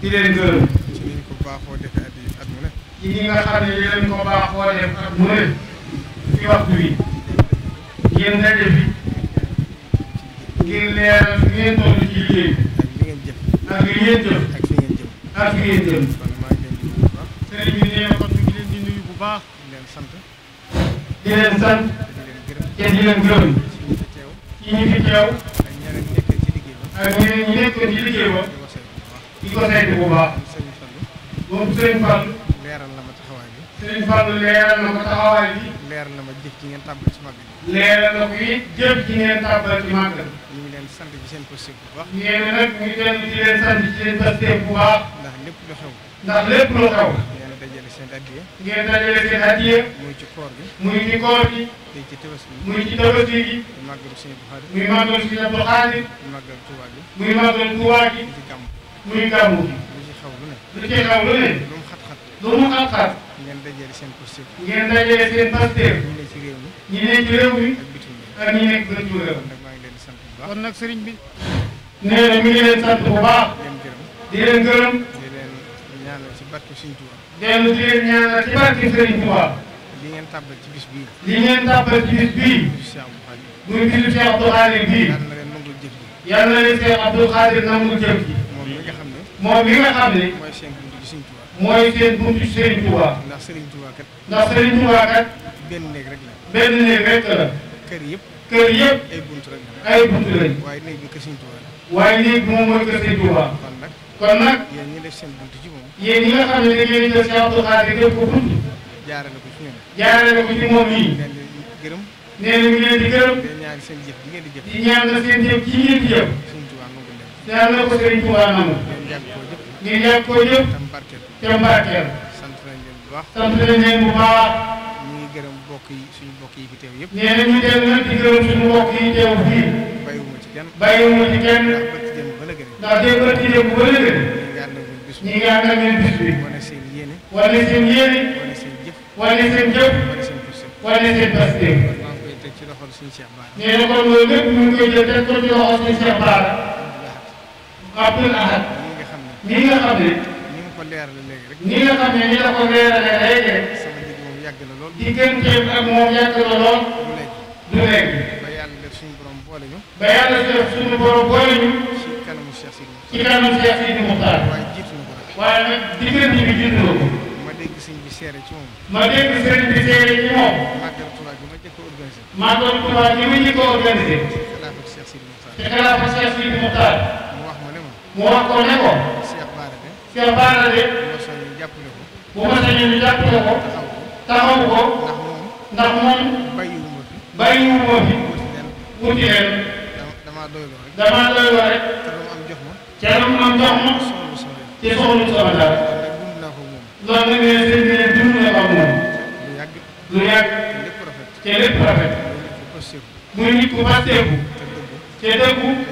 di leen gërëm. ci ni ñu ko baaxoo defee at yi at mu ne. ci ñi nga xam ne yéen ko baaxoo def at mu ne ci waxtu wi ngeen daje fi ngir leeral fi ngeen toll ci liggéey ak li ngeen jëm ak li ngeen jëm. sëriñ bi nee na kon ñu ngi leen di nuyu bu baax. di leen sant. di leen sant. te di leen gërëm. ci ñi fi teew. ak ñeneen ñi nekk ci liggéey ba. di ko saytu bu baax moom Serigne Fall. leeral na ma taxawaay bi. Serigne Fall leeral na ma taxawaay bi. leeral na ma jëf ji ngeen tàmbali ci màggal. leeral na ko it jëf ji ngeen tàmbali ci màggal. ñu ngi leen sant ci seen posté bu baax. ñu ne nag ñu ngi leen di leen sant ci seen posté bu baax. ndax lépp lu xew. ndax lépp lu xew. ngeen dajale seen addiya. ngeen dajale seen addiya. muy ci koor gi. muy ci koor gi. muy ci tabaski gi. muy ci tabaski gi. muy màggal suñu Buxaari. muy màggal suñu Abdul Xaadir. muy màggal Tuubaa gi. muy màggal Tuubaa gi. muy gàmmu bi. lu ci xaw lu ne. lu ci xaw lu ne. lu mu xat-xat. lu mu xat-xat. ngeen dajale seen posté. ngeen dajale seen posté. ñu ne ci réew mi. ñu ne ci réew mi. ak ñi nekk bitim réew. kon nag sëriñ bi. nee na mi ngi leen sant bu baax. di leen gërëm. ñaanal ci barke Sëriñ Tuuba. dellu di leen ñaanal ci barke Sëriñ Tuuba. li ngeen tàbbal ci bis bii. li ngeen tàbbal ci bis bii. muy bisu Cheikh Abdou Khadir bii. yàlla na leen Cheikh Abdou Khadir nangul jëf ji. moom mi nga xam ne. mooy seen buntu ci Sëriñ Tuubaa. mooy seen buntu ci Sëriñ Tuubaa. ndax Sëriñ Tuubaa kat. ndax Sëriñ Tuubaa kat. benn néeg rek la. benn néeg rek kër yëpp. kër yëpp. ay buntu rek la. ay buntu lañ. waaye néeg bi kër Sëriñ Tuubaa waaye néeg moom mooy kër Sëriñ Tuubaa. kon nag. kon nag. yéen ñi def seen buntu ci moom. yéen ñi nga xam ne da ko buntu. jaarale na ñu leen ñu leen di gërëm. di ñaan seen jëf ji ngeen di jëf. di ñaan na seen jëf ji ngeen di jëf. yàlla na ko Sëriñ Tuubaa nangu ngir yàgg ko jëf te mbarkeel sant nañ leen bu baax sant nañ leen bu baax ñu ngi gërëm mbokk yi suñu mbokk yi fi teew yëpp nee na ñu dem nag di gërëm suñu mbokk yi teew fii bàyyiwuma ci kenn bàyyiwuma ci kenn ndax dégg nga ci jëm bu bëri gën ñi ngi ànd ak leen bis bi wane seen yéene wane seen yéene wane seen jëf wane seen pastéef nee na kon loolu lépp ñu ngi koy jël teg ko ci loxo suñu Cheikh Bara Abdul Ahad nii nga xam ne nii nga ko leerale léegi rek nii nga xam ne nii la ko leerale léegi rek sama digg moom yàgg na lool digganteem ak moom yàgg na lool du léegi ba yàlla def suñu borom boole ñu ba yàlla def suñu borom boole ñu ci kanamu Cheikh Sidi ci kanamu Cheikh Sidi Muxtaar waaye jiitu na ko rek waaye nag diggante bi jiitu na ko ma dégg sëñ bi seere ci moom ma dégg sëñ bi seere ci moom màggal Tuubaa gi ma jëkk a organisé màggal Tuubaa gi ma jëkk a organisé ci xilaafa Cheikh Sidi Muxtaar mu wax ko ne ko. Cheikh Bara de. bu ma sañoon ñu jàppale ko. taxawu ko. ndax moom. bàyyiwu ma fi. wuti leen. damaa doy loo rek. ceerum am jox ma. te soxlu sama dara. loolu nag nee sëñ bi ne dund na ko moom. lu yàgg. te lépp rafet. muy nit ku bàtteeku. te dëggu.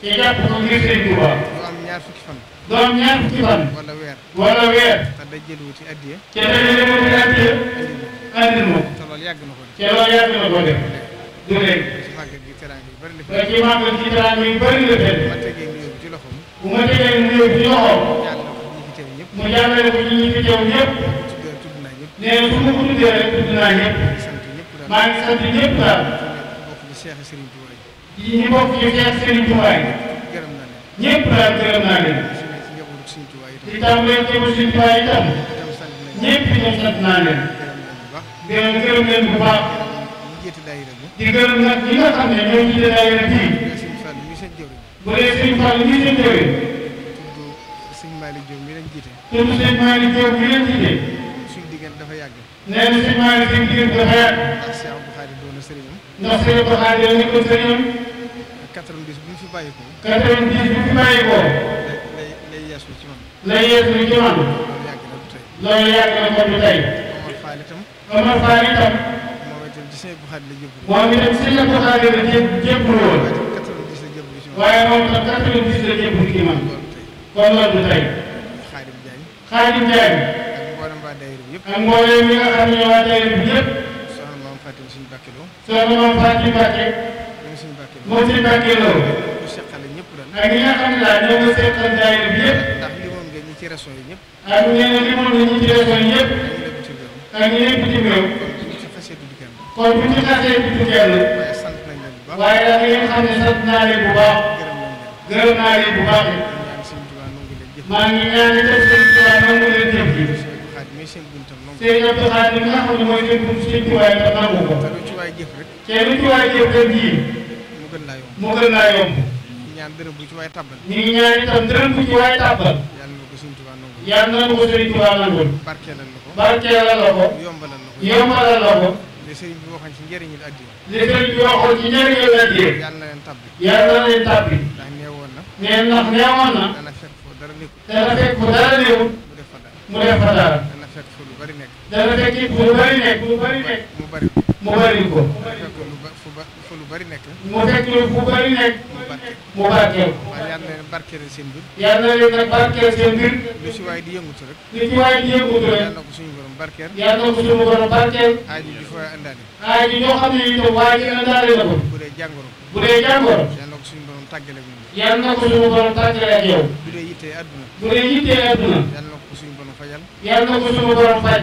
ci jàpp ko ngir sëñ Tuuba. du am ñaar fukki fan. du am ñaar fukki fan. wala weer. wala weer. te jël wuti addiya. te day jël wuti addiya. andil ma ko. te loolu yàgg na ko def. te bu ma tegee nuyoo bi ci loxoom. bu ma tegee nuyoo bi ci loxoom. mu jàllale ko ñi ñu fi teew ñëpp. nee na su ma ko tuddee rek tudd naa ñëpp. maa ngi yi ñu bokk ñu jeex Serigne Touba yi ñëpp daal gërëm naa leen di tàmbalee teewul Serigne Touba itam ñëpp itam sant naa leen gërëm gërëm leen bu baax di gërëm nag ñi nga xam ne ñoo jiite daayira bii bu dee Serigne Fall mii seen jëwee Serigne Malick Diop mi leen jiite tudd Serigne Malick Diop mi leen jiite nee na Serigne Malick seen diggante dafa yàgg sëriñam. ndax sëriñ Abdou Khadre nekkul sëriñam. 90 bi fi bàyyi ko. 90 bi fi bàyyi ko. lay lay yeesu ci man. lay yeesu ci man. loolu yàgg na ko du tey. Omar Fall itam. Omar Fall itam. moom itam ci sëriñ Abdou Khadre la jébbu. moom itam sëriñ Abdou Khadre la jébbu woon. waaye moom itam 90 la jébbu ci man. kon loolu du tey. Xaadim Diagne. Xaadim Diagne. ak mboolem waa daayira bi yëpp. ak mboolem mi nga xam ne waa daayira bi yëpp. Fatim suñu Mbàkke Lo. soxna moom Fatim Mbàkke. moom suñu Mbàkke Lo. moom suñu Mbàkke Lo. ñu seqal ñëpp daal. ak ñi nga xam ne daal ñoo ngi seqal daayira bi yëpp. ndax limoon nga ñi ci région yi ñëpp. ak nee na limoon nga ñi ci région yi ñëpp. ak ñi nekk bitim réew. kon bu ñu xasee bitim kenn. waaye daal ngeen xam ne sant naa leen bu baax. gërëm naa leen bu baax. maa ngi ñaan seen buntam nangu. seen ñoom tasaare bi nga xam ne mooy seen buntu seen tuwaay te nangu ko. te lu ci waay jëf rek. te mu gën laa yomb mu gën laa yomb. bu ci waay tàbbal. ñu ngi ñaan itam dërëm bu ci waay tàbbal. yàlla na ko suñu tubaab nangu. yàlla na ko suñu tubaab nangu. barkeelal la ko. barkeelal la la ko li sëriñ bi waxoon ci njëriñu addiya. li sëriñ bi waxoon ci njëriñu addiya. yàlla na leen tabbi. yàlla na leen tabbi. ndax mu def dana fekk it mu bëri nekk mu bëri nekk. mu bëri mu bëri ko. mu fekk lu ba fu ba fu lu bëri nekk. mu fekk lu fu bëri nekk. mu barkeel. waaw na leen barkeel seen mbir. yal na leen ko suñu borom barkeel. yal na ko suñu borom barkeel. aaju na ko. bu dee jàngoro. bu dee jàngoro. yal na ko borom tàggale yow. bu dee yittee àdduna. bu dee yittee àdduna. yal na ko suñu borom faj.